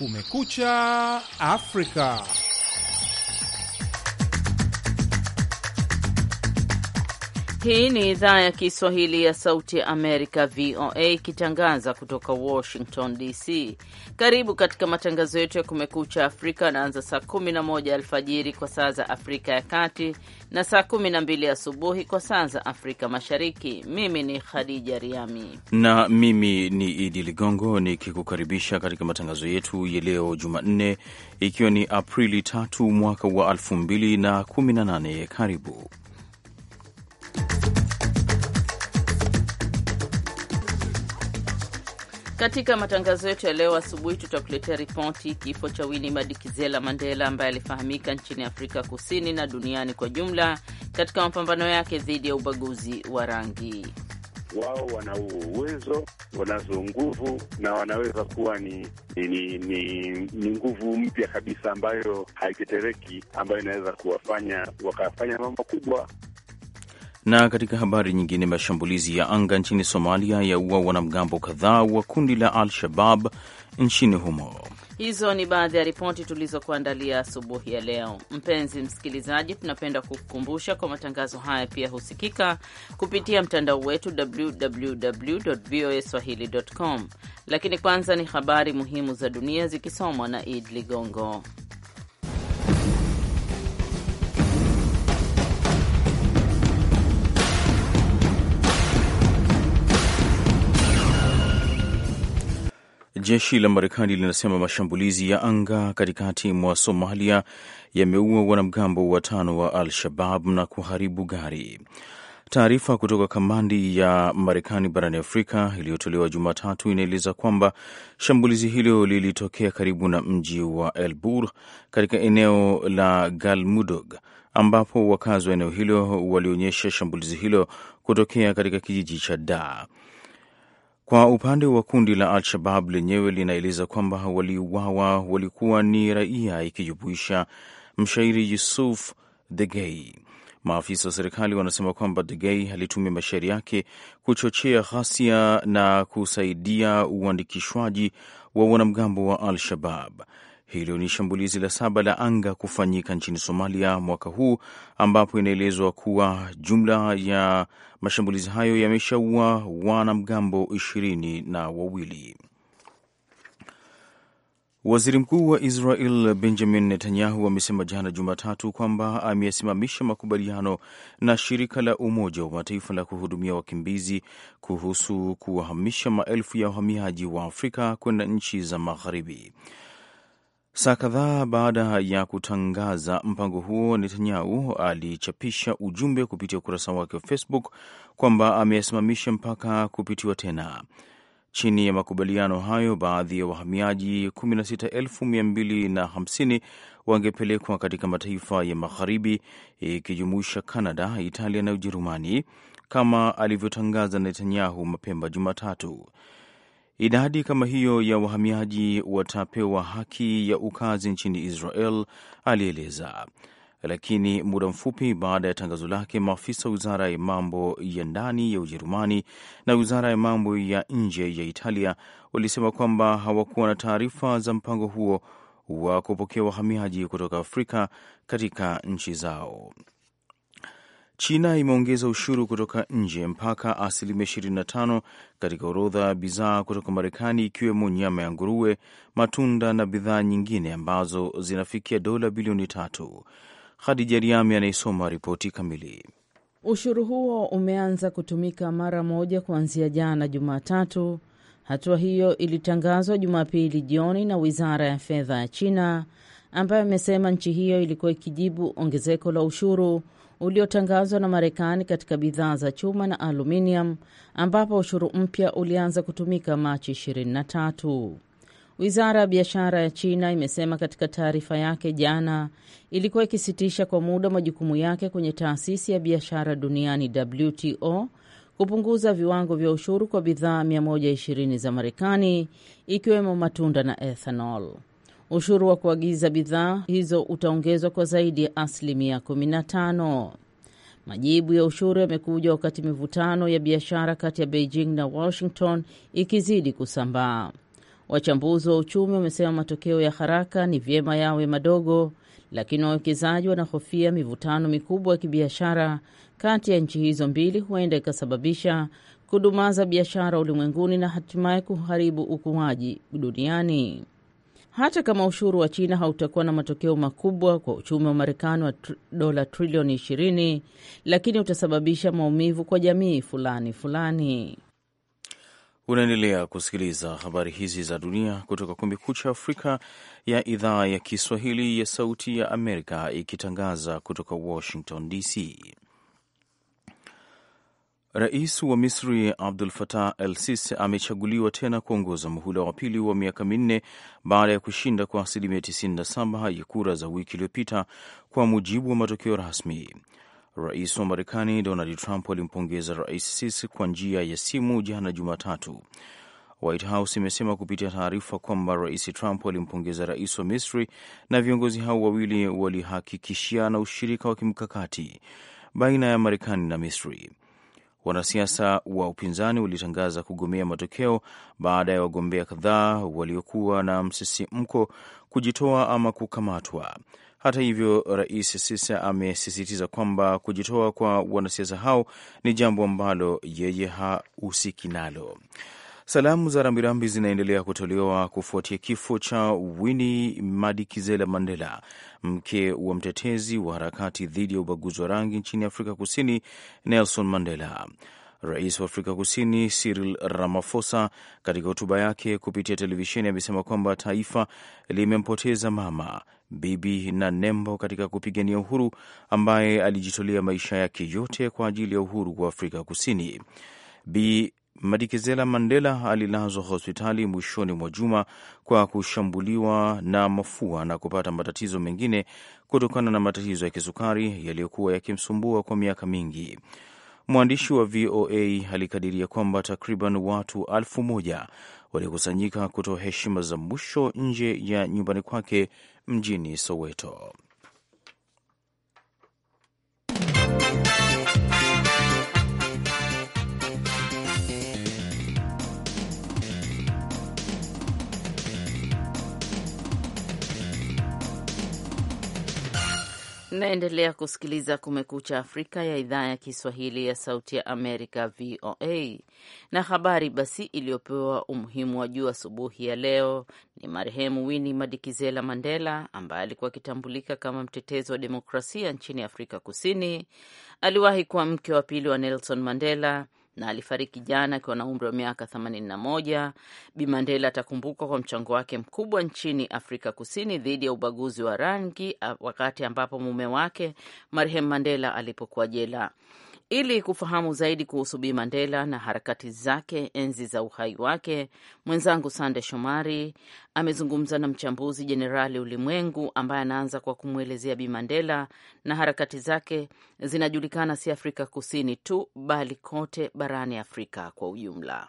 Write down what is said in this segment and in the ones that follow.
Kumekucha Afrika. Hii ni idhaa ya Kiswahili ya Sauti ya Amerika, VOA, ikitangaza kutoka Washington DC. Karibu katika matangazo yetu ya Kumekucha Afrika anaanza saa 11 alfajiri kwa saa za Afrika ya Kati na saa 12 asubuhi kwa saa za Afrika Mashariki. Mimi ni Khadija Riami na mimi ni Idi Ligongo nikikukaribisha katika matangazo yetu ya leo Jumanne, ikiwa ni Aprili 3 mwaka wa 2018. Karibu katika matangazo yetu ya leo asubuhi tutakuletea ripoti kifo cha Winifred Kizela Mandela ambaye alifahamika nchini Afrika Kusini na duniani kwa jumla katika mapambano yake dhidi ya ubaguzi wa rangi. Wao wana uwezo, wanazo nguvu na wanaweza kuwa ni, ni, ni, ni nguvu mpya kabisa ambayo haitetereki, ambayo inaweza kuwafanya wakafanya mambo makubwa. Na katika habari nyingine, mashambulizi ya anga nchini Somalia yaua wanamgambo kadhaa wa kundi la Al-Shabab nchini humo. Hizo ni baadhi ya ripoti tulizokuandalia asubuhi ya leo. Mpenzi msikilizaji, tunapenda kukukumbusha kwa matangazo haya pia husikika kupitia mtandao wetu www voa swahili com. Lakini kwanza ni habari muhimu za dunia zikisomwa na Id Ligongo. Jeshi la Marekani linasema mashambulizi ya anga katikati mwa Somalia yameua wanamgambo watano wa Al-Shabab na kuharibu gari. Taarifa kutoka kamandi ya Marekani barani Afrika iliyotolewa Jumatatu inaeleza kwamba shambulizi hilo lilitokea karibu na mji wa Elbur katika eneo la Galmudug ambapo wakazi wa eneo hilo walionyesha shambulizi hilo kutokea katika kijiji cha Daa. Kwa upande wa kundi la Al-Shabab lenyewe linaeleza kwamba waliuawa walikuwa ni raia, ikijumuisha mshairi Yusuf Degei. Maafisa wa serikali wanasema kwamba Degei alitumia mashairi yake kuchochea ghasia na kusaidia uandikishwaji wa wanamgambo wa Al-Shabab. Hilo ni shambulizi la saba la anga kufanyika nchini Somalia mwaka huu, ambapo inaelezwa kuwa jumla ya mashambulizi hayo yameshaua wanamgambo ishirini na wawili. Waziri Mkuu wa Israel Benjamin Netanyahu amesema jana Jumatatu kwamba ameyasimamisha makubaliano na shirika la Umoja wa Mataifa la kuhudumia wakimbizi kuhusu kuwahamisha maelfu ya wahamiaji wa Afrika kwenda nchi za Magharibi. Saa kadhaa baada ya kutangaza mpango huo, Netanyahu alichapisha ujumbe kupitia ukurasa wake wa Facebook kwamba ameyasimamisha mpaka kupitiwa tena. Chini ya makubaliano hayo, baadhi ya wahamiaji 16250 wangepelekwa katika mataifa ya magharibi ikijumuisha canada Italia na Ujerumani, kama alivyotangaza Netanyahu mapema Jumatatu. Idadi kama hiyo ya wahamiaji watapewa haki ya ukazi nchini Israel, alieleza. Lakini muda mfupi baada ya tangazo lake, maafisa wa wizara ya mambo ya ndani ya Ujerumani na wizara ya mambo ya nje ya Italia walisema kwamba hawakuwa na taarifa za mpango huo wa kupokea wahamiaji kutoka Afrika katika nchi zao. China imeongeza ushuru kutoka nje mpaka asilimia 25 katika orodha ya bidhaa kutoka Marekani, ikiwemo nyama ya nguruwe, matunda na bidhaa nyingine ambazo zinafikia dola bilioni tatu. Hadija Riami anayesoma ripoti kamili. Ushuru huo umeanza kutumika mara moja kuanzia jana Jumatatu. Hatua hiyo ilitangazwa Jumapili jioni na wizara ya fedha ya China, ambayo imesema nchi hiyo ilikuwa ikijibu ongezeko la ushuru uliotangazwa na Marekani katika bidhaa za chuma na aluminium, ambapo ushuru mpya ulianza kutumika Machi 23. Wizara ya biashara ya China imesema katika taarifa yake jana ilikuwa ikisitisha kwa muda majukumu yake kwenye taasisi ya biashara duniani WTO kupunguza viwango vya ushuru kwa bidhaa 120 za Marekani ikiwemo matunda na ethanol. Ushuru wa kuagiza bidhaa hizo utaongezwa kwa zaidi ya asilimia 15. Majibu ya ushuru yamekuja wakati mivutano ya biashara kati ya Beijing na Washington ikizidi kusambaa. Wachambuzi wa uchumi wamesema matokeo ya haraka ni vyema yawe madogo, lakini wawekezaji wanahofia mivutano mikubwa ya kibiashara kati ya nchi hizo mbili huenda ikasababisha kudumaza biashara ulimwenguni na hatimaye kuharibu ukuaji duniani hata kama ushuru wa China hautakuwa na matokeo makubwa kwa uchumi wa Marekani wa tr dola trilioni 20, lakini utasababisha maumivu kwa jamii fulani fulani. Unaendelea kusikiliza habari hizi za dunia kutoka cha Afrika ya idhaa ya Kiswahili ya Sauti ya Amerika, ikitangaza kutoka Washington DC. Rais wa Misri Abdul Fatah El Sisi amechaguliwa tena kuongoza muhula wa pili wa miaka minne baada ya kushinda kwa asilimia 97 ya kura za wiki iliyopita, kwa mujibu wa matokeo rasmi. Rais wa Marekani Donald Trump alimpongeza Rais Sisi kwa njia ya simu jana Jumatatu. White House imesema kupitia taarifa kwamba Rais Trump alimpongeza rais wa Misri na viongozi hao wawili walihakikishiana ushirika wa kimkakati baina ya Marekani na Misri. Wanasiasa wa upinzani walitangaza kugomea matokeo baada ya wagombea kadhaa waliokuwa na msisimko kujitoa ama kukamatwa. Hata hivyo, Rais Sisa amesisitiza kwamba kujitoa kwa wanasiasa hao ni jambo ambalo yeye hahusiki nalo. Salamu za rambirambi zinaendelea kutolewa kufuatia kifo cha Winnie Madikizela Mandela, mke wa mtetezi wa harakati dhidi ya ubaguzi wa rangi nchini Afrika Kusini, Nelson Mandela. Rais wa Afrika Kusini Cyril Ramaphosa katika hotuba yake kupitia televisheni amesema kwamba taifa limempoteza mama, bibi na nembo katika kupigania uhuru, ambaye alijitolea maisha yake yote kwa ajili ya uhuru wa Afrika Kusini. Bi Madikizela Mandela alilazwa hospitali mwishoni mwa juma kwa kushambuliwa na mafua na kupata matatizo mengine kutokana na matatizo ya kisukari yaliyokuwa yakimsumbua kwa miaka mingi. Mwandishi wa VOA alikadiria kwamba takriban watu 1 moja walikusanyika kutoa heshima za mwisho nje ya nyumbani kwake mjini Soweto. Naendelea kusikiliza Kumekucha Afrika ya idhaa ya Kiswahili ya Sauti ya Amerika, VOA. Na habari basi iliyopewa umuhimu wa juu asubuhi ya leo ni marehemu Winnie Madikizela Mandela, ambaye alikuwa akitambulika kama mtetezi wa demokrasia nchini Afrika Kusini. Aliwahi kuwa mke wa pili wa Nelson Mandela na alifariki jana akiwa na umri wa miaka 81. Bi Mandela atakumbukwa kwa mchango wake mkubwa nchini Afrika Kusini dhidi ya ubaguzi wa rangi, wakati ambapo mume wake marehemu Mandela alipokuwa jela. Ili kufahamu zaidi kuhusu Bi Mandela na harakati zake enzi za uhai wake, mwenzangu Sande Shomari amezungumza na mchambuzi Jenerali Ulimwengu ambaye anaanza kwa kumwelezea Bi Mandela na harakati zake zinajulikana si Afrika Kusini tu bali kote barani Afrika kwa ujumla.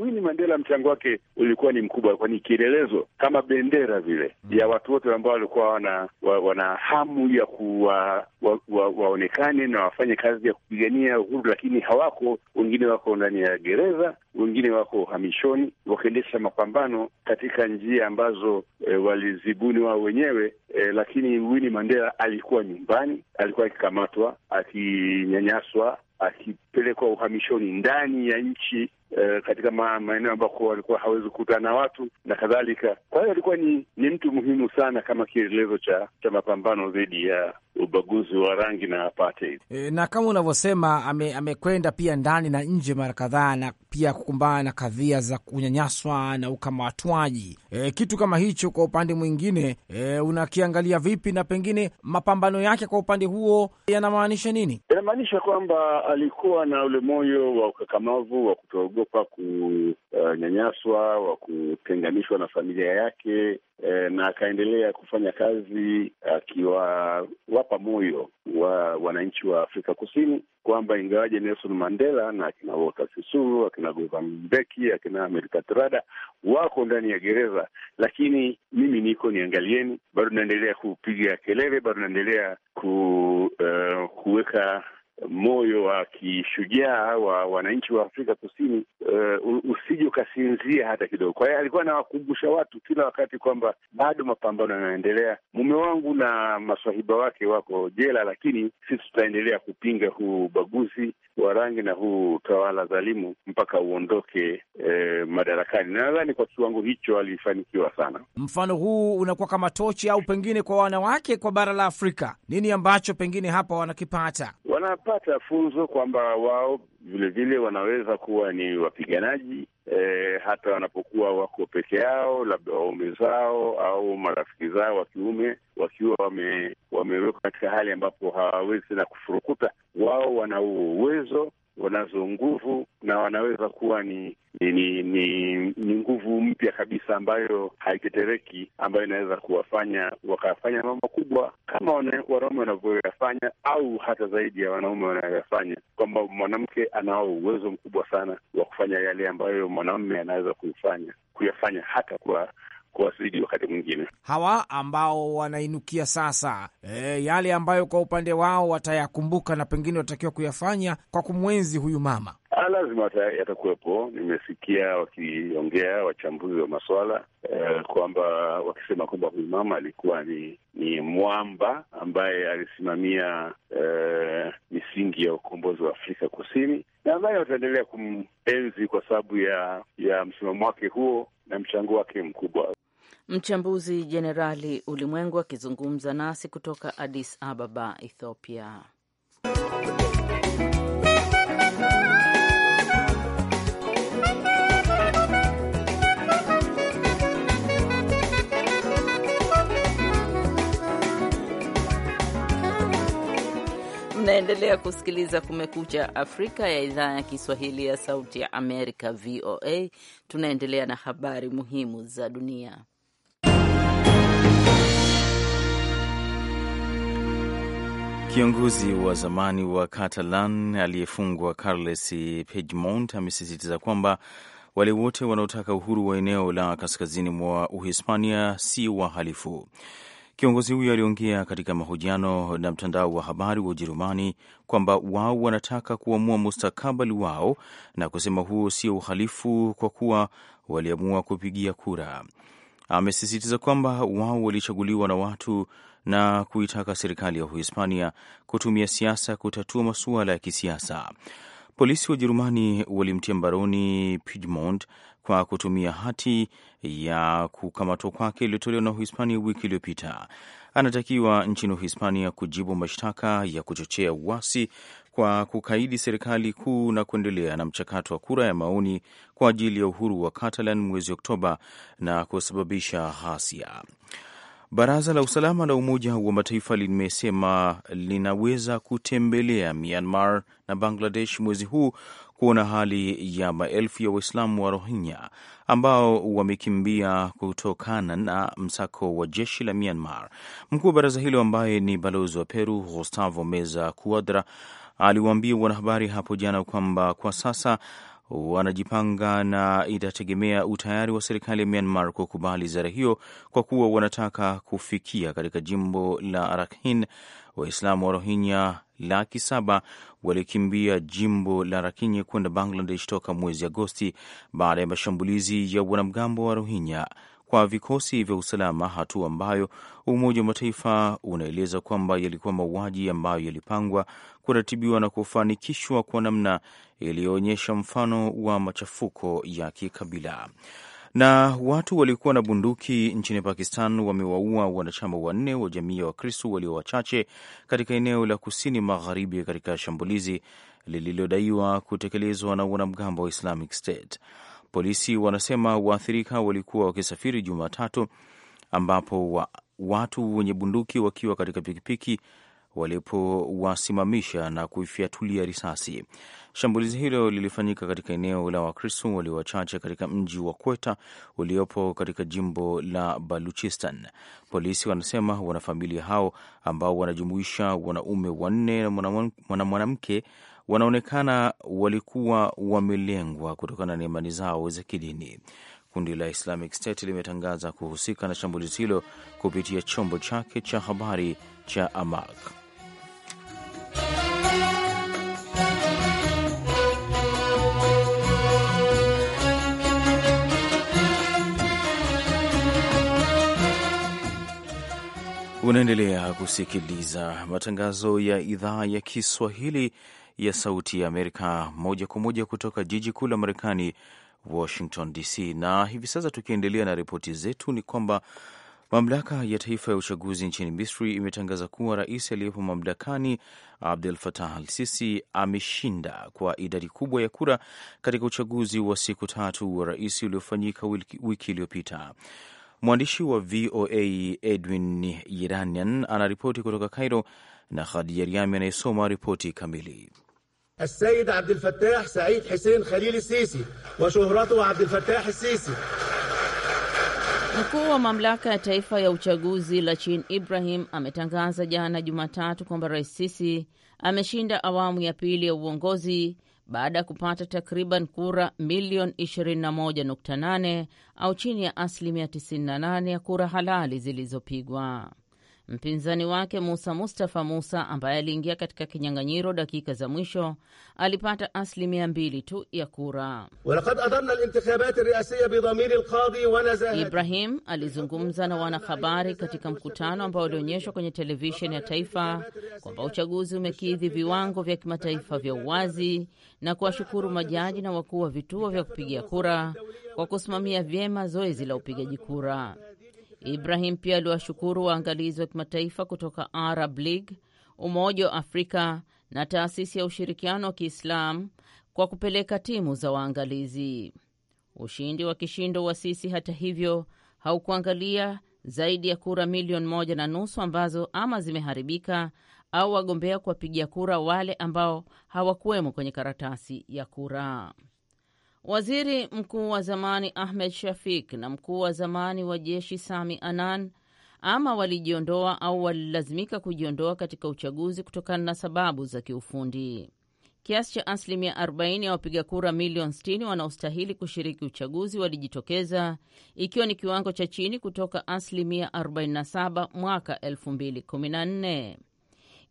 Winnie Mandela mchango wake ulikuwa ni mkubwa, kwa ni kielelezo kama bendera vile mm. ya watu wote ambao walikuwa wana, wa, wana hamu ya kuwa wa, wa, waonekane na wafanye kazi ya kupigania uhuru, lakini hawako. Wengine wako ndani ya gereza, wengine wako uhamishoni, wakiendesha mapambano katika njia ambazo e, walizibuni wao wenyewe e, lakini Winnie Mandela alikuwa nyumbani, alikuwa akikamatwa, akinyanyaswa akipelekwa uhamishoni ndani ya nchi e, katika maeneo ambako walikuwa hawezi kukutana watu na kadhalika. Kwa hiyo alikuwa ni ni mtu muhimu sana kama kielelezo cha cha mapambano dhidi ya ubaguzi wa rangi na apartheid. E, na kama unavyosema amekwenda ame pia ndani na nje mara kadhaa, na pia kukumbana na kadhia za kunyanyaswa na ukamatwaji. E, kitu kama hicho kwa upande mwingine e, unakiangalia vipi, na pengine mapambano yake kwa upande huo yanamaanisha nini? Yanamaanisha kwamba alikuwa na ule moyo wa ukakamavu wa kutoa kuogopa kunyanyaswa, wa kutenganishwa na familia yake, e, na akaendelea kufanya kazi akiwawapa moyo wa wananchi wa Afrika Kusini kwamba ingawaje Nelson Mandela na akina Walter Sisulu, akina Govan Mbeki, akina Amerika Trada wako ndani ya gereza, lakini mimi niko, niangalieni, bado naendelea kupiga kelele, bado naendelea ku, uh, kuweka moyo wa kishujaa wa wananchi wa Afrika Kusini uh, usije ukasinzia hata kidogo. Kwa hiyo alikuwa anawakumbusha watu kila wakati kwamba bado mapambano yanaendelea. Mume wangu na maswahiba wake wako jela, lakini sisi tutaendelea kupinga huu ubaguzi wa rangi na huu utawala dhalimu mpaka uondoke eh, madarakani. Na nadhani kwa kiwango hicho alifanikiwa sana. Mfano huu unakuwa kama tochi au pengine kwa wanawake kwa bara la Afrika, nini ambacho pengine hapa wanakipata? wanapata funzo kwamba wao vilevile wanaweza kuwa ni wapiganaji e, hata wanapokuwa wako peke yao, labda waume zao au marafiki zao wa kiume wakiwa wame, wamewekwa katika hali ambapo hawawezi tena kufurukuta, wao wana uwezo wanazo nguvu na wanaweza kuwa ni ni ni, ni, ni nguvu mpya kabisa ambayo haitetereki, ambayo inaweza kuwafanya wakafanya mambo makubwa kama wanaume wanavyoyafanya au hata zaidi ya wanaume wanayoyafanya, kwamba mwanamke anao uwezo mkubwa sana wa kufanya yale ambayo mwanamume anaweza kuifanya kuyafanya hata kwa kuwasidi wakati mwingine. Hawa ambao wanainukia sasa, e, yale ambayo kwa upande wao watayakumbuka na pengine watakiwa kuyafanya kwa kumwenzi huyu mama, ah, lazima yatakuwepo. Nimesikia wakiongea wachambuzi wa maswala e, kwamba wakisema kwamba huyu mama alikuwa ni ni mwamba ambaye alisimamia e, misingi ya ukombozi wa Afrika Kusini. Nadhani wataendelea kumenzi kwa sababu ya ya msimamo wake huo na mchango wake mkubwa. Mchambuzi Jenerali Ulimwengu akizungumza nasi kutoka Addis Ababa, Ethiopia. unaendelea kusikiliza Kumekucha Afrika ya idhaa ya Kiswahili ya Sauti ya Amerika, VOA. Tunaendelea na habari muhimu za dunia. Kiongozi wa zamani wa Catalan aliyefungwa Carles Puigdemont amesisitiza kwamba wale wote wanaotaka uhuru wa eneo la kaskazini mwa Uhispania si wahalifu. Kiongozi huyo aliongea katika mahojiano na mtandao wa habari wa Ujerumani kwamba wao wanataka kuamua mustakabali wao na kusema huo sio uhalifu kwa kuwa waliamua kupigia kura. Amesisitiza kwamba wao walichaguliwa na watu na kuitaka serikali ya Uhispania kutumia siasa kutatua masuala ya kisiasa. Polisi wa Ujerumani walimtia mbaroni Puigdemont kwa kutumia hati ya kukamatwa kwake iliyotolewa na Uhispania wiki iliyopita. Anatakiwa nchini Uhispania kujibu mashtaka ya kuchochea uasi kwa kukaidi serikali kuu na kuendelea na mchakato wa kura ya maoni kwa ajili ya uhuru wa Catalan mwezi Oktoba na kusababisha ghasia. Baraza la usalama la Umoja wa Mataifa limesema linaweza kutembelea Myanmar na Bangladesh mwezi huu kuona hali ya maelfu ya Waislamu wa Rohingya ambao wamekimbia kutokana na msako wa jeshi la Myanmar. Mkuu wa baraza hilo ambaye ni balozi wa Peru Gustavo Meza Kuadra aliwaambia wanahabari hapo jana kwamba kwa sasa wanajipanga na itategemea utayari wa serikali ya Myanmar kukubali ziara hiyo, kwa kuwa wanataka kufikia katika jimbo la Rakhine Waislamu wa Rohingya laki saba walikimbia jimbo la Rakhine kwenda Bangladesh toka mwezi Agosti baada ya mashambulizi ya wanamgambo wa Rohingya kwa vikosi vya usalama, hatua ambayo Umoja wa Mataifa unaeleza kwamba yalikuwa mauaji ambayo yalipangwa, kuratibiwa na kufanikishwa kwa namna iliyoonyesha mfano wa machafuko ya kikabila. Na watu waliokuwa na bunduki nchini Pakistan wamewaua wanachama wanne wa jamii ya Wakristo walio wachache katika eneo la kusini magharibi katika shambulizi lililodaiwa kutekelezwa na wanamgambo wa Islamic State. Polisi wanasema waathirika walikuwa wakisafiri Jumatatu, ambapo wa, watu wenye bunduki wakiwa katika pikipiki walipowasimamisha na kuifyatulia risasi. Shambulizi hilo lilifanyika katika eneo la Wakristo walio wachache katika mji wa Kweta uliopo katika jimbo la Baluchistan. Polisi wanasema wanafamilia hao ambao wanajumuisha wanaume wanne na mwanamke wanaonekana walikuwa wamelengwa kutokana na imani zao za kidini. Kundi la Islamic State limetangaza kuhusika na shambulizi hilo kupitia chombo chake cha habari cha Amaq. Unaendelea kusikiliza matangazo ya idhaa ya Kiswahili ya Sauti ya Amerika moja kwa moja kutoka jiji kuu la Marekani, Washington DC. Na hivi sasa tukiendelea na ripoti zetu, ni kwamba mamlaka ya taifa ya uchaguzi nchini Misri imetangaza kuwa rais aliyepo mamlakani Abdel Fattah al Sisi ameshinda kwa idadi kubwa ya kura katika uchaguzi wa siku tatu wa rais uliofanyika wiki iliyopita. Mwandishi wa VOA Edwin Iranian anaripoti kutoka Cairo na Khadija Riami anayesoma ripoti kamili. Asayid Abdulfatah Said Hussein Khalil Sisi wa shuhratu Abdulfatah Sisi. Mkuu wa mamlaka ya taifa ya uchaguzi la chin Ibrahim ametangaza jana Jumatatu kwamba Rais Sisi ameshinda awamu ya pili ya uongozi baada ya kupata takriban kura milioni 21.8 au chini ya asilimia 98 ya kura halali zilizopigwa. Mpinzani wake Musa Mustafa Musa ambaye aliingia katika kinyang'anyiro dakika za mwisho alipata asilimia mbili tu ya kura. Ibrahim alizungumza na wanahabari katika mkutano ambao ulionyeshwa kwenye televisheni ya taifa kwamba uchaguzi umekidhi viwango vya kimataifa vya uwazi na kuwashukuru majaji na wakuu wa vituo vya kupigia kura kwa kusimamia vyema zoezi la upigaji kura. Ibrahim pia aliwashukuru waangalizi wa kimataifa kutoka Arab League, Umoja wa Afrika na Taasisi ya Ushirikiano wa Kiislamu kwa kupeleka timu za waangalizi. Ushindi wa kishindo wa Sisi hata hivyo haukuangalia zaidi ya kura milioni moja na nusu ambazo ama zimeharibika au wagombea kuwapigia kura wale ambao hawakuwemo kwenye karatasi ya kura. Waziri mkuu wa zamani Ahmed Shafik na mkuu wa zamani wa jeshi Sami Anan ama walijiondoa au walilazimika kujiondoa katika uchaguzi kutokana na sababu za kiufundi. Kiasi cha asilimia 40 ya wapiga kura milioni 60 wanaostahili kushiriki uchaguzi walijitokeza, ikiwa ni kiwango cha chini kutoka asilimia 47 mwaka 2014.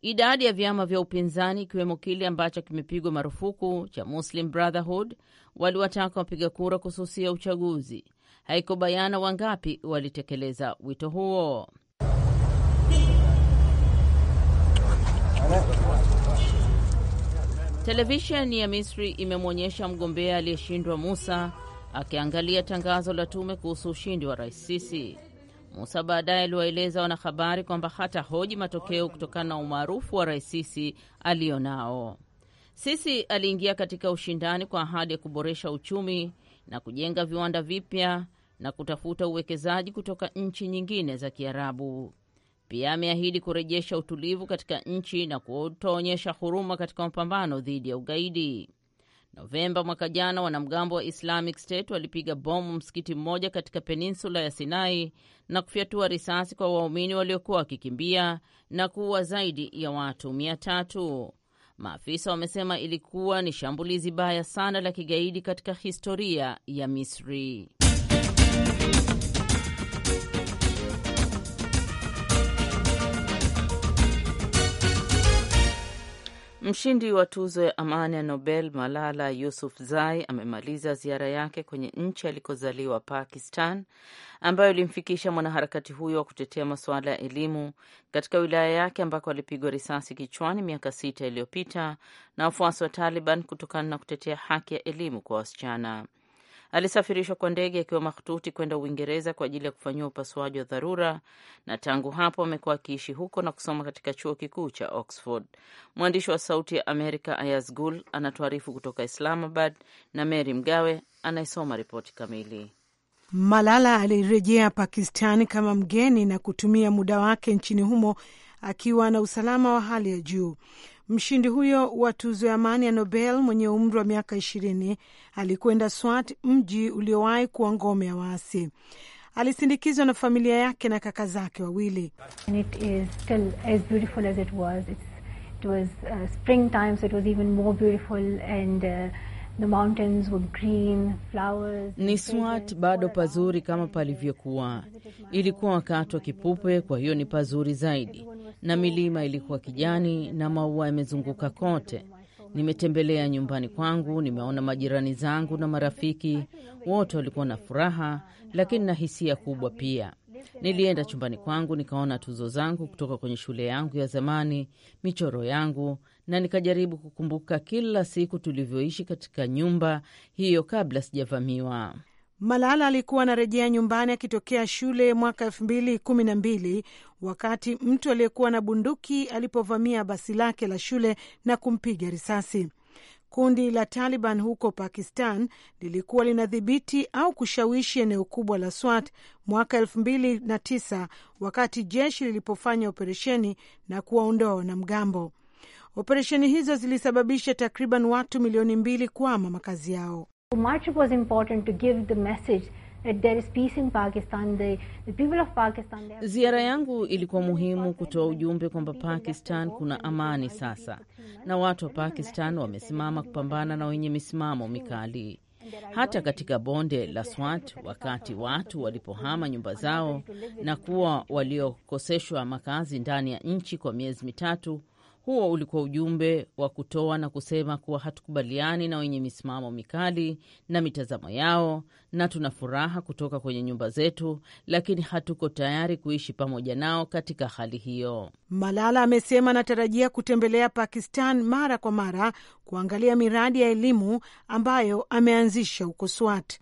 Idadi ya vyama vya upinzani ikiwemo kile ambacho kimepigwa marufuku cha Muslim Brotherhood waliwataka wapiga kura kususia uchaguzi. Haiko bayana wangapi walitekeleza wito huo. Televisheni ya Misri imemwonyesha mgombea aliyeshindwa Musa akiangalia tangazo la tume kuhusu ushindi wa Rais Sisi. Musa baadaye aliwaeleza wanahabari kwamba hata hoji matokeo kutokana na umaarufu wa rais Sisi aliyo nao Sisi aliingia katika ushindani kwa ahadi ya kuboresha uchumi na kujenga viwanda vipya na kutafuta uwekezaji kutoka nchi nyingine za Kiarabu. Pia ameahidi kurejesha utulivu katika nchi na kutoonyesha huruma katika mapambano dhidi ya ugaidi. Novemba mwaka jana, wanamgambo wa Islamic State walipiga bomu msikiti mmoja katika peninsula ya Sinai na kufyatua risasi kwa waumini waliokuwa wakikimbia na kuua zaidi ya watu mia tatu. Maafisa wamesema ilikuwa ni shambulizi baya sana la kigaidi katika historia ya Misri. Mshindi wa tuzo ya amani ya Nobel Malala Yousafzai amemaliza ziara yake kwenye nchi alikozaliwa Pakistan, ambayo ilimfikisha mwanaharakati huyo wa kutetea masuala ya elimu katika wilaya yake ambako alipigwa risasi kichwani miaka sita iliyopita na wafuasi wa Taliban kutokana na kutetea haki ya elimu kwa wasichana. Alisafirishwa kwa ndege akiwa mahututi kwenda Uingereza kwa ajili ya kufanyiwa upasuaji wa dharura, na tangu hapo amekuwa akiishi huko na kusoma katika chuo kikuu cha Oxford. Mwandishi wa Sauti ya Amerika Ayaz Gul anatuarifu kutoka Islamabad, na Mary Mgawe anayesoma ripoti kamili. Malala alirejea Pakistan kama mgeni na kutumia muda wake nchini humo akiwa na usalama wa hali ya juu. Mshindi huyo wa tuzo ya amani ya Nobel mwenye umri wa miaka ishirini alikwenda Swat, mji uliowahi kuwa ngome ya waasi. Alisindikizwa na familia yake na kaka zake wawili. Ni Swat bado pazuri kama palivyokuwa. Ilikuwa wakati wa kipupe, kwa hiyo ni pazuri zaidi na milima ilikuwa kijani na maua yamezunguka kote. Nimetembelea nyumbani kwangu, nimeona majirani zangu na marafiki, wote walikuwa na furaha, lakini na hisia kubwa pia. Nilienda chumbani kwangu nikaona tuzo zangu kutoka kwenye shule yangu ya zamani, michoro yangu, na nikajaribu kukumbuka kila siku tulivyoishi katika nyumba hiyo kabla sijavamiwa. Malala alikuwa anarejea nyumbani akitokea shule mwaka elfu mbili kumi na mbili wakati mtu aliyekuwa na bunduki alipovamia basi lake la shule na kumpiga risasi. Kundi la Taliban huko Pakistan lilikuwa linadhibiti au kushawishi eneo kubwa la Swat mwaka elfu mbili na tisa wakati jeshi lilipofanya operesheni na kuwaondoa wanamgambo. Operesheni hizo zilisababisha takriban watu milioni mbili kuama makazi yao. March was important to give the message that there is peace in Pakistan. The, the people of Pakistan Ziara yangu ilikuwa muhimu kutoa ujumbe kwamba Pakistan kuna amani sasa, na watu wa Pakistan wamesimama kupambana na wenye misimamo mikali. Hata katika bonde la Swat, wakati watu walipohama nyumba zao na kuwa waliokoseshwa makazi ndani ya nchi kwa miezi mitatu huo ulikuwa ujumbe wa kutoa na kusema kuwa hatukubaliani na wenye misimamo mikali na mitazamo yao, na tuna furaha kutoka kwenye nyumba zetu, lakini hatuko tayari kuishi pamoja nao katika hali hiyo. Malala amesema anatarajia kutembelea Pakistan mara kwa mara kuangalia miradi ya elimu ambayo ameanzisha huko Swat.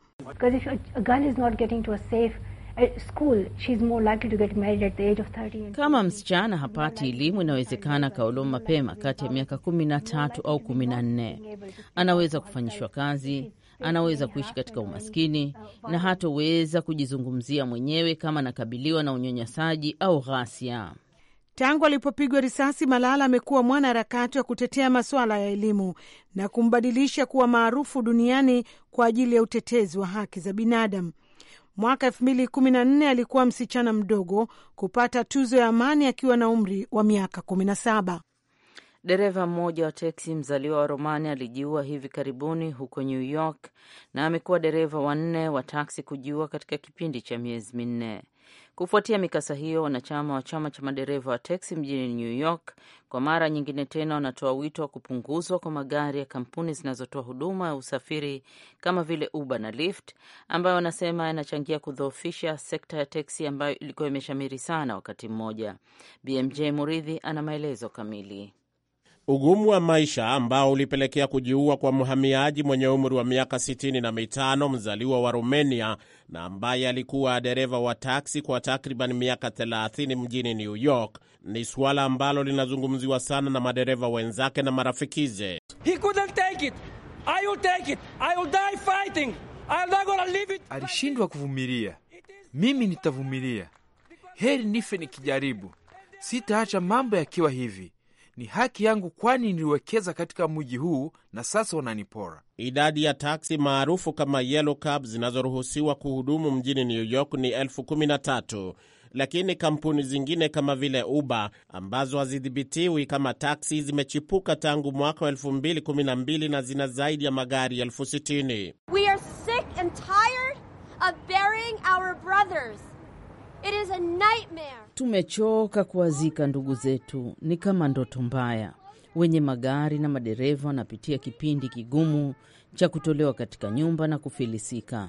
Kama msichana hapati elimu, inawezekana akaolewa mapema kati ya miaka kumi na tatu au kumi na nne. Anaweza kufanyishwa kazi, anaweza kuishi katika umaskini na hatoweza kujizungumzia mwenyewe kama anakabiliwa na unyanyasaji au ghasia. Tangu alipopigwa risasi, Malala amekuwa mwanaharakati wa kutetea masuala ya elimu na kumbadilisha kuwa maarufu duniani kwa ajili ya utetezi wa haki za binadamu. Mwaka 2014 alikuwa msichana mdogo kupata tuzo ya amani akiwa na umri wa miaka 17. Dereva mmoja wa teksi mzaliwa wa Romania alijiua hivi karibuni huko New York na amekuwa dereva wanne wa taksi kujiua katika kipindi cha miezi minne. Kufuatia mikasa hiyo, wanachama wa chama cha madereva wa teksi mjini New York kwa mara nyingine tena wanatoa wito wa kupunguzwa kwa magari ya kampuni zinazotoa huduma ya usafiri kama vile Uber na Lyft, ambayo wanasema yanachangia kudhoofisha sekta ya teksi ambayo ilikuwa imeshamiri sana wakati mmoja. BMJ Muridhi ana maelezo kamili. Ugumu wa maisha ambao ulipelekea kujiua kwa mhamiaji mwenye umri wa miaka 65 mzaliwa wa Romania na ambaye alikuwa dereva wa taksi kwa takriban miaka 30 mjini New York ni suala ambalo linazungumziwa sana na madereva wenzake na marafikize. Alishindwa kuvumilia. Mimi nitavumilia, heri nife nikijaribu. Sitaacha mambo yakiwa hivi. Ni haki yangu, kwani niliwekeza katika mji huu na sasa wananipora. Idadi ya taksi maarufu kama yellow cab zinazoruhusiwa kuhudumu mjini New York ni elfu kumi na tatu lakini kampuni zingine kama vile Uber ambazo hazidhibitiwi kama taksi zimechipuka tangu mwaka wa 2012 na zina zaidi ya magari elfu sitini. Tumechoka kuwazika ndugu zetu, ni kama ndoto mbaya. Wenye magari na madereva wanapitia kipindi kigumu cha kutolewa katika nyumba na kufilisika.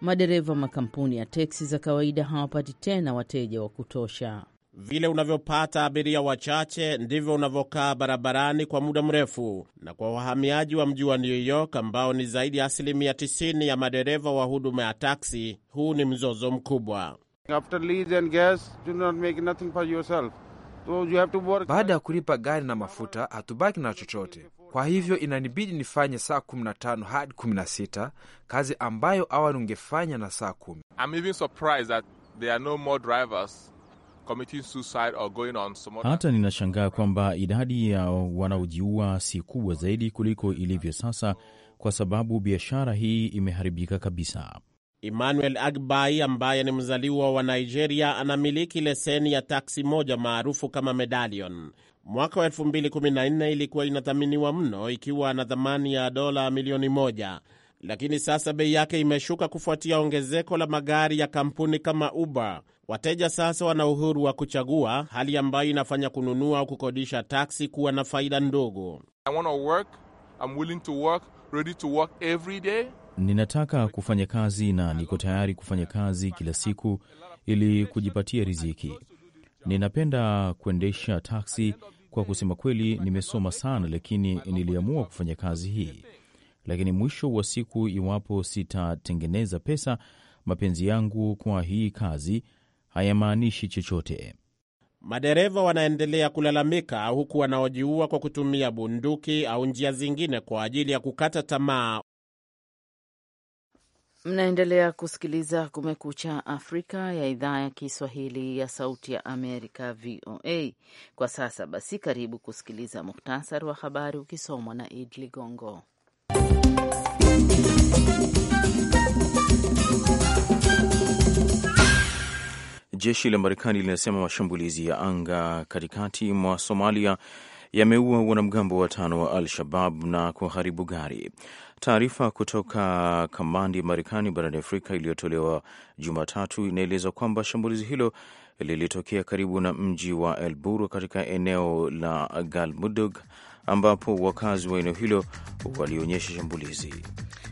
Madereva wa makampuni ya teksi za kawaida hawapati tena wateja wa kutosha. Vile unavyopata abiria wachache ndivyo unavyokaa barabarani kwa muda mrefu. Na kwa wahamiaji wa mji wa New York ambao ni zaidi ya asilimia 90 ya madereva wa huduma ya taksi, huu ni mzozo mkubwa. After lease and gas, do not make nothing for yourself. So you have to work. Baada ya kulipa gari na mafuta hatubaki na chochote, kwa hivyo inanibidi nifanye saa 15 hadi 16 kazi ambayo awali ungefanya na saa kumihata I'm even surprised that there are no more drivers committing suicide or going on some other... Hata ninashangaa kwamba idadi ya wanaojiua si kubwa zaidi kuliko ilivyo sasa, kwa sababu biashara hii imeharibika kabisa. Emmanuel Agbai ambaye ni mzaliwa wa Nigeria anamiliki leseni ya taksi moja maarufu kama Medallion. Mwaka wa 2014 ilikuwa inathaminiwa mno ikiwa na thamani ya dola milioni moja, lakini sasa bei yake imeshuka kufuatia ongezeko la magari ya kampuni kama Uber. Wateja sasa wana uhuru wa kuchagua, hali ambayo inafanya kununua au kukodisha taksi kuwa na faida ndogo. I wanna work, I'm willing to work, ready to work every day. Ninataka kufanya kazi na niko tayari kufanya kazi kila siku ili kujipatia riziki. Ninapenda kuendesha taksi. Kwa kusema kweli, nimesoma sana, lakini niliamua kufanya kazi hii. Lakini mwisho wa siku, iwapo sitatengeneza pesa, mapenzi yangu kwa hii kazi hayamaanishi chochote. Madereva wanaendelea kulalamika, huku wanaojiua kwa kutumia bunduki au njia zingine kwa ajili ya kukata tamaa Mnaendelea kusikiliza Kumekucha Afrika ya idhaa ya Kiswahili ya Sauti ya Amerika, VOA. Kwa sasa basi, karibu kusikiliza muhtasari wa habari ukisomwa na Id Ligongo. Jeshi la Marekani linasema mashambulizi ya anga katikati mwa Somalia yameua wanamgambo watano wa Al-Shabab na kuharibu gari. Taarifa kutoka kamandi ya Marekani barani Afrika iliyotolewa Jumatatu inaeleza kwamba shambulizi hilo lilitokea karibu na mji wa Elbur katika eneo la Galmudug ambapo wakazi wa eneo hilo walionyesha shambulizi.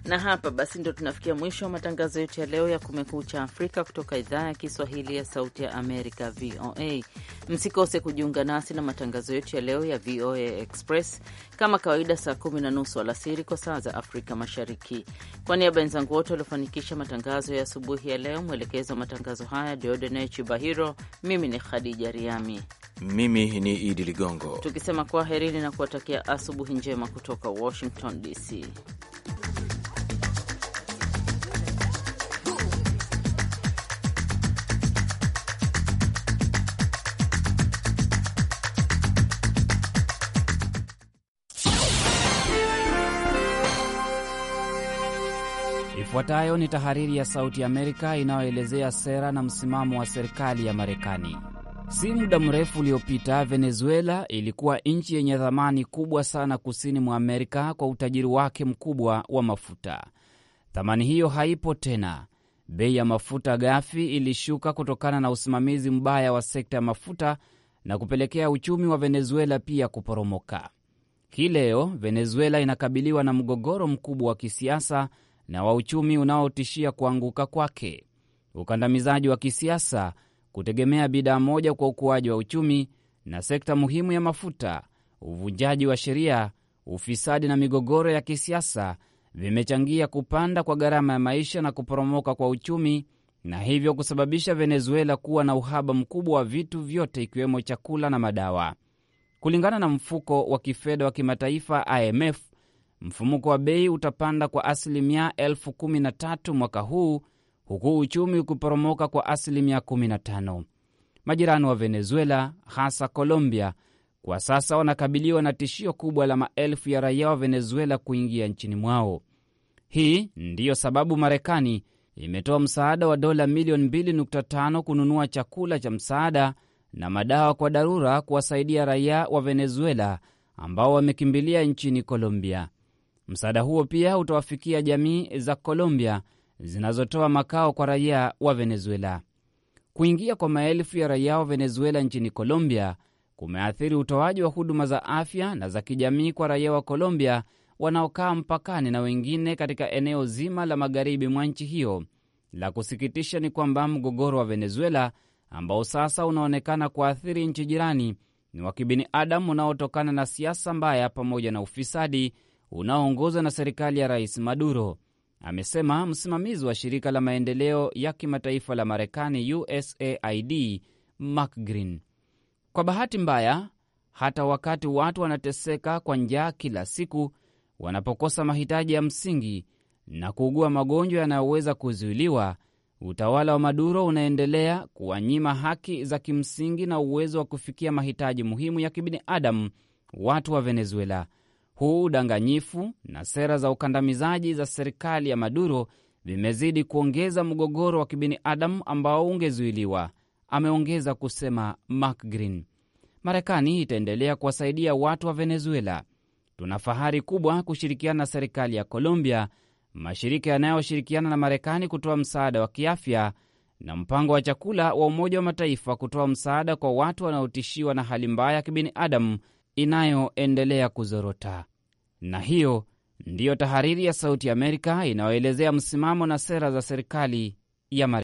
Na hapa basi ndo tunafikia mwisho wa matangazo yetu ya leo ya Kumekucha Afrika kutoka idhaa ya Kiswahili ya Sauti ya Amerika, VOA. Msikose kujiunga nasi na matangazo yetu ya leo ya VOA Express kama kawaida, saa kumi na nusu alasiri kwa saa za Afrika Mashariki. Kwa niaba wenzangu wote waliofanikisha matangazo ya asubuhi ya leo, mwelekezo wa matangazo haya Deodene Bahiro, mimi ni Khadija Riami, mimi ni Idi Ligongo, tukisema kwaherini na kuwatakia asubuhi njema kutoka Washington DC. Ifuatayo ni tahariri ya Sauti ya Amerika inayoelezea sera na msimamo wa serikali ya Marekani. Si muda mrefu uliopita, Venezuela ilikuwa nchi yenye thamani kubwa sana kusini mwa Amerika kwa utajiri wake mkubwa wa mafuta. Thamani hiyo haipo tena. Bei ya mafuta ghafi ilishuka kutokana na usimamizi mbaya wa sekta ya mafuta na kupelekea uchumi wa Venezuela pia kuporomoka. Hii leo Venezuela inakabiliwa na mgogoro mkubwa wa kisiasa na wa uchumi unaotishia kuanguka kwake, ukandamizaji wa kisiasa, kutegemea bidhaa moja kwa ukuaji wa uchumi na sekta muhimu ya mafuta, uvunjaji wa sheria, ufisadi na migogoro ya kisiasa vimechangia kupanda kwa gharama ya maisha na kuporomoka kwa uchumi na hivyo kusababisha Venezuela kuwa na uhaba mkubwa wa vitu vyote ikiwemo chakula na madawa. Kulingana na mfuko wa kifedha wa kimataifa IMF, Mfumuko wa bei utapanda kwa asilimia 13 mwaka huu huku uchumi ukiporomoka kwa asilimia 15. Majirani wa Venezuela, hasa Colombia, kwa sasa wanakabiliwa na tishio kubwa la maelfu ya raia wa Venezuela kuingia nchini mwao. Hii ndiyo sababu Marekani imetoa msaada wa dola milioni 2.5 kununua chakula cha msaada na madawa kwa dharura kuwasaidia raia wa Venezuela ambao wamekimbilia nchini Colombia. Msaada huo pia utawafikia jamii za Colombia zinazotoa makao kwa raia wa Venezuela. Kuingia kwa maelfu ya raia wa Venezuela nchini Colombia kumeathiri utoaji wa huduma za afya na za kijamii kwa raia wa Colombia wanaokaa mpakani na wengine katika eneo zima la magharibi mwa nchi hiyo. La kusikitisha ni kwamba mgogoro wa Venezuela ambao sasa unaonekana kuathiri nchi jirani ni wa kibinadamu unaotokana na siasa mbaya pamoja na ufisadi unaoongozwa na serikali ya Rais Maduro, amesema msimamizi wa shirika la maendeleo ya kimataifa la Marekani USAID Mark Green. Kwa bahati mbaya, hata wakati watu wanateseka kwa njaa kila siku, wanapokosa mahitaji ya msingi na kuugua magonjwa yanayoweza kuzuiliwa, utawala wa Maduro unaendelea kuwanyima haki za kimsingi na uwezo wa kufikia mahitaji muhimu ya kibinadamu watu wa Venezuela huu udanganyifu na sera za ukandamizaji za serikali ya Maduro vimezidi kuongeza mgogoro wa kibinadamu ambao ungezuiliwa, ameongeza kusema Mark Green. Marekani itaendelea kuwasaidia watu wa Venezuela. Tuna fahari kubwa kushirikiana na serikali ya Colombia, mashirika yanayoshirikiana na Marekani kutoa msaada wa kiafya na mpango wa chakula wa Umoja wa Mataifa kutoa msaada kwa watu wanaotishiwa na hali mbaya ya kibinadamu inayoendelea kuzorota. Na hiyo ndiyo tahariri ya Sauti ya Amerika inayoelezea msimamo na sera za serikali ya Marekani.